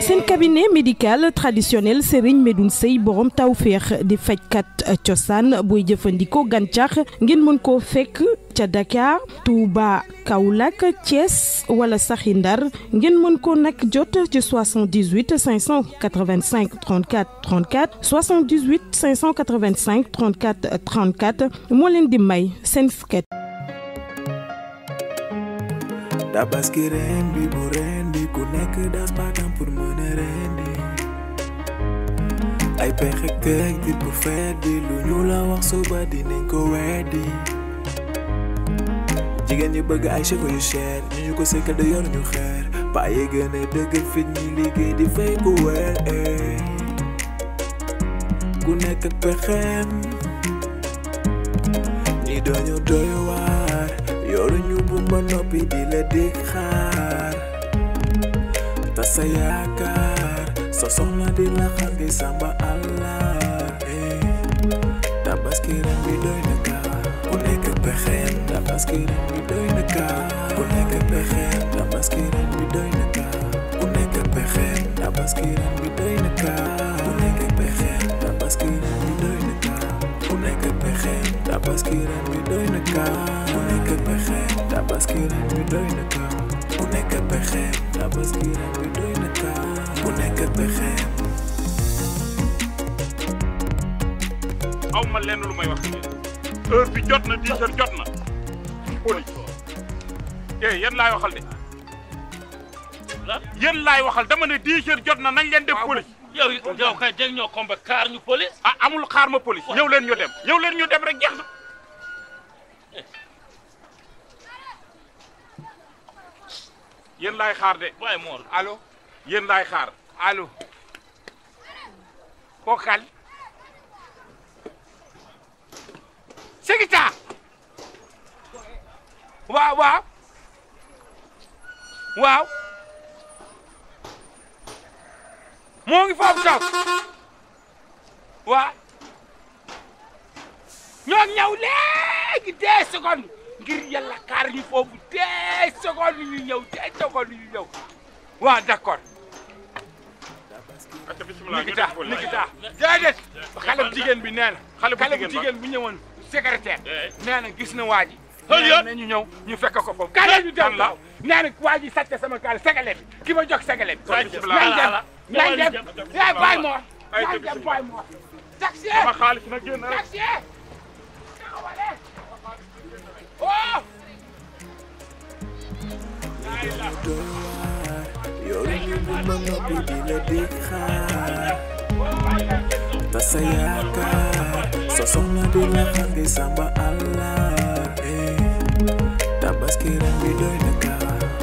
Sen cabinet médical traditionnel Serigne Medoune Sey borom tawfeex di fajkat cosaan booy jëfandikoo gàncax ngeen mën ko fekk ca Dakar Touba Kaolack Thiès wala Sakhindar ngeen ko jot ci 78 585 34 34 78 585 34 34 mo leen di may sen Tabas ke rendi bu rendi ku nekk daas baagam pour mën a rendi ay pexek teg di bu feet di lu ñu la wax suba dinañ ko weddi jigéen ñi bëgg ay chèque yu cher ñu ñu ko sekkal da yor ñu xeer bàyyi gën a dëgg fit ñi liggéey di fay eh. ku weer ku nekk ak pexem ñi doñu doyuwaay loolu ñu bu ma noppi di la dégg xaar ta sa yaakaar sa di la di samba allah eh, tabaski ren bi doy na ka ku nekk pexeem tabaski ren bi doy na ka ku nekk pexeem tabaski ren bi doy na ka ku nekk pexeem bi doy na ka tabaski ren bi doy na gaaw mu nekk pexe aw ma lenn lu may wax heure bi jot na 10 heures jot na poli eh yéen laay waxal de yéen laay waxal dama ne 10 jot na nañ leen def poli. yow yow kay ñoo combat kaar ñu police. a ah, amul xaar ma police. ñëw leen ñu dem ñëw leen ñu dem rek jeex yéen laay xaar de. waaye Mor allo. yéen laay xaar allo. kookal. Segita. waaw waaw. waaw. moo ngi foofu toog. waaw. ñoo ñaw lee. léegi deux secondes ngir yàlla xaar ñu foofu deux secondes ñu ñëw deux secondes ñu ñëw waaw d'accord. Nikita Nikita déedéet xale bu jigéen bi nee na. xale bu jigéen bu ñëwoon secrétaire. nee na gis na waa ji. nee na ñu ñëw ñu fekk ko foofu. kan ñu dem la nee na waa ji sàcc sama kaal segale bi ki ma jox segale bi. nañ dem nañ dem eh Baye Mor. nañ dem Baye Mor. taxi taxi. Oh! Tasayakan Sosok Nabi Muhammad sama Allah eh. Tabas kirang bidoy naka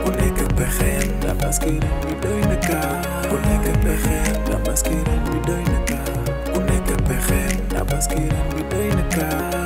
Unay ka pechen Tabas kirang bidoy naka Unay tak pechen Tabas kirang bidoy naka Unay ka pechen Tabas kirang bidoy naka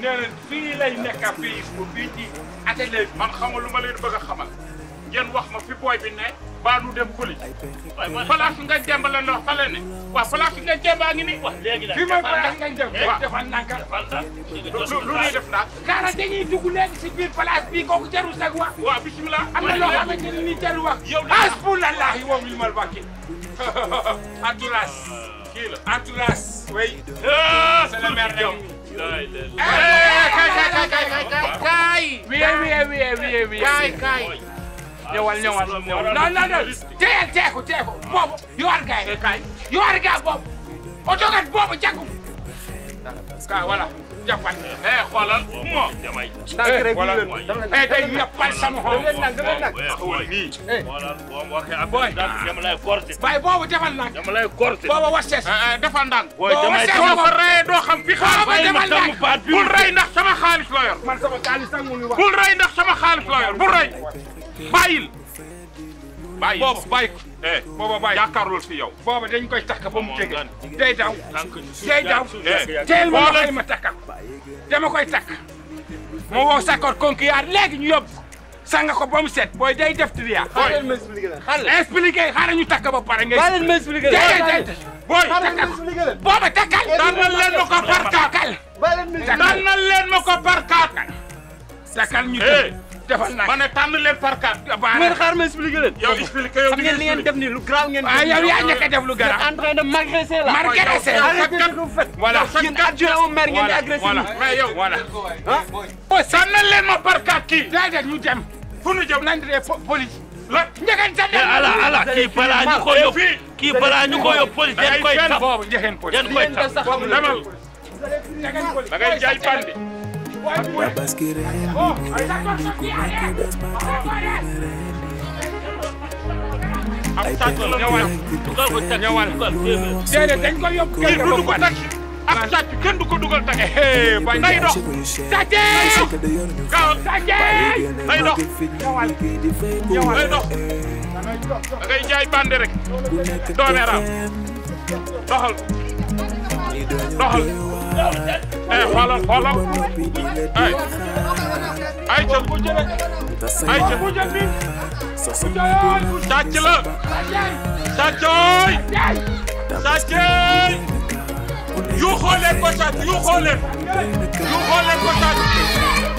nee na fii lay nekk pays bu fii man xamal lu ma leen bëgg a xamal ngeen wax ma fi booy bi ne baa nu dem kuli place nga jàmb la ndox xale ne waaw place nga jàmbaa ngi ni wax léegi la fi ma place nga jàmb waaw defal nanka lu ñuy def naa kaara dañuy dugg léegi si biir place bii kooku jarul sax wax waaw bisimilah am na loo xamante ne ni jarul wax yow asbulallahi wa ni'mal wakiil entourage kii la entourage way ah, c'est le maire Dai, Dai. Cai, cai, cai, cai, cai, cai! Vem, vem, vem, vem, vem. Cai, cai. Não, não, não, não, não, não. Tem, Teco, Teco. Bobo, you are Yorga, Bobo. O jogador Bobo, Teco. Cai, olha lá. jafal eh xoolal mo damay ndank rek eh tey ñappal sama xol da leen da leen nak ni xoolal boo ma waxee affaire daal dama lay corté bay boobu defal nak dama ma tam baat bi bul rey sama xaalis la yor man bàyyi eh, booba bàyyi ko. booba bàyyi jàkkaarloo si yow. booba dañ koy takk ba mu jege. day daw day daw. teel ma ma ma takka dama koy takk. moo woo Sakor Konkiyaar léegi ñu yóbbu. sanga ko ba mu set booy day def triya. booy ñu takk ba pare ngay. xaaral ma expliqué la day day booy takkal booba takkal. daanal leen leen ma ko par takkal. takkal ñu eh. defal naa ma ne tànn leen par carte. man xaar ma expliqué leen. yow expliqué yow ngeen li ngeen def nii lu grave ngeen. waaw ah, yow yaa njëkk a def lu grave. en train de m'agresser la. m'agresser la voilà yéen adjoint au maire ngeen di agressé. mais yow voilà. ah. Oh, sànnal leen ma par carte kii. déedéet ñu dem. fu ñu jëm nañ de police. la njëkk sa dem. ala ala kii balaa ñu ko yóbbu kii balaa ñu ko yóbbu police den koy tap den koy tap. da ngay jaay bandi. Babas kirain liburan Di kumaku das patah kebumeran Ay pengen kita nyawan Dede dañ ko yóbbu kenn du ko takk ak sàcc kenn du ko dugal takk eh bay nay dox sàcce kaw sàcce nay dox ñawal ñawal nay dox da ngay jaay bande rek doomeeram doxal doxal eh xoolal xoolal ay ay ca ku jël ay ca ku jël bi sàcc la sàccooy sàccooy yu xoolee ko sàcc yu xoolee yu xoolee ko sàcc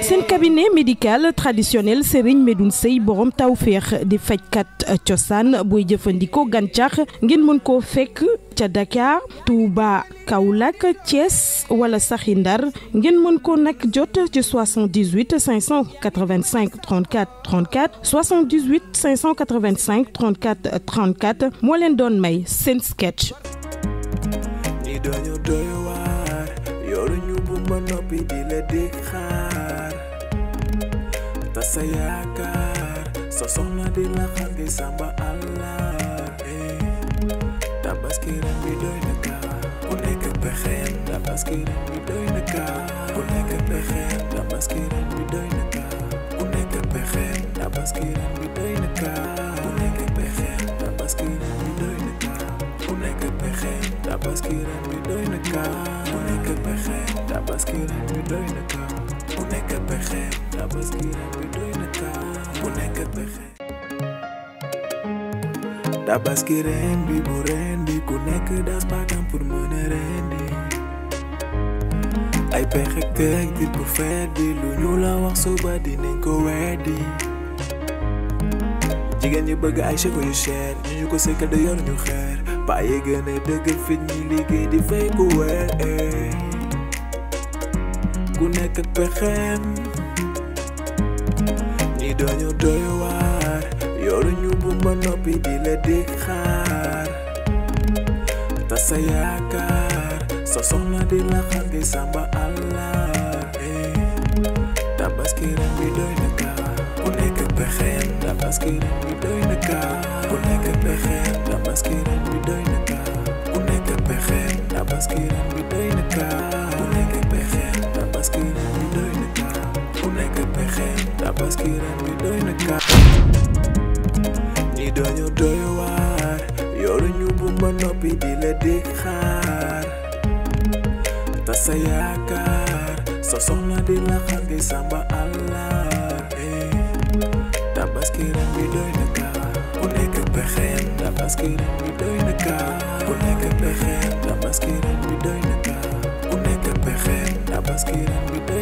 seen cabinet médical traditionnel Serigne Medounsey Sey borom tawféex di fajkat cosaan booy jëfandikoo gàncax ngeen mën koo fekk ca Dakar Touba Kaolack Thiès wala saxi Ndar ngeen jot ci 78 585 34 34 78 585 34 34 moo leen doon may seen sketch. ma noppi di la di xaar ta yaakaar sa di la xaar gi samba àllar eh, tabaski bi doy na kaar bi doy na kaar bi doy na kaar bi doy na بسكيرة بدون تام ونك بخير لا بسكيرة بدون تام ونك بخير Da baskerendi burendi das pakan pour mën di bu feddi lu ñu la wax suba dinañ ko weddi jigéen ñi bëgg ay chèque yu cher ñu ñu ko sëkkal da yor ñu xeer bàyyi gën di ku bu nekk ak pexeem ñi dañu doy waar yoruñu bu ma noppi di la di xaar ta sa yaakaar sa soxna di la xam di samba allah eh. tabaski ren bi doy na ka bu nekk ak pexeem tabaski ren bi doy na ka bu nekk ak pexeem tabaski ren bi doy na ka bu nekk ak pexeem bi doy na ka skidden be doing the car. Need on your door you are. You're a new woman, no be the so di lakar di samba Allah. Tabas kidden be doing the car. Unek a pechen, tabas kidden be doing car. Unek a pechen, tabas kidden be doing car. a tabas doing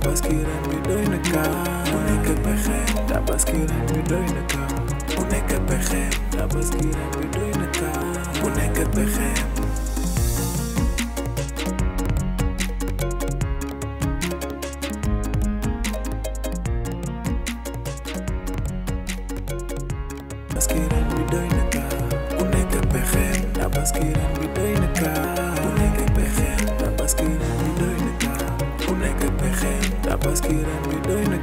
Tabaskiren bi doy na kaw mu nekk pexe tabaskiren bi doy na kaw mu nekk pexe tabaskiren bi doy na kaw mu nekk pexe. basket and we doing the car. Who make a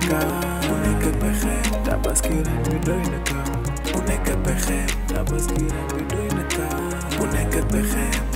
kaw mu nekk pexe tabaski ren bi doy na kaw mu nekk pexe tabaski ren bi doy na kaw mu nekk pexe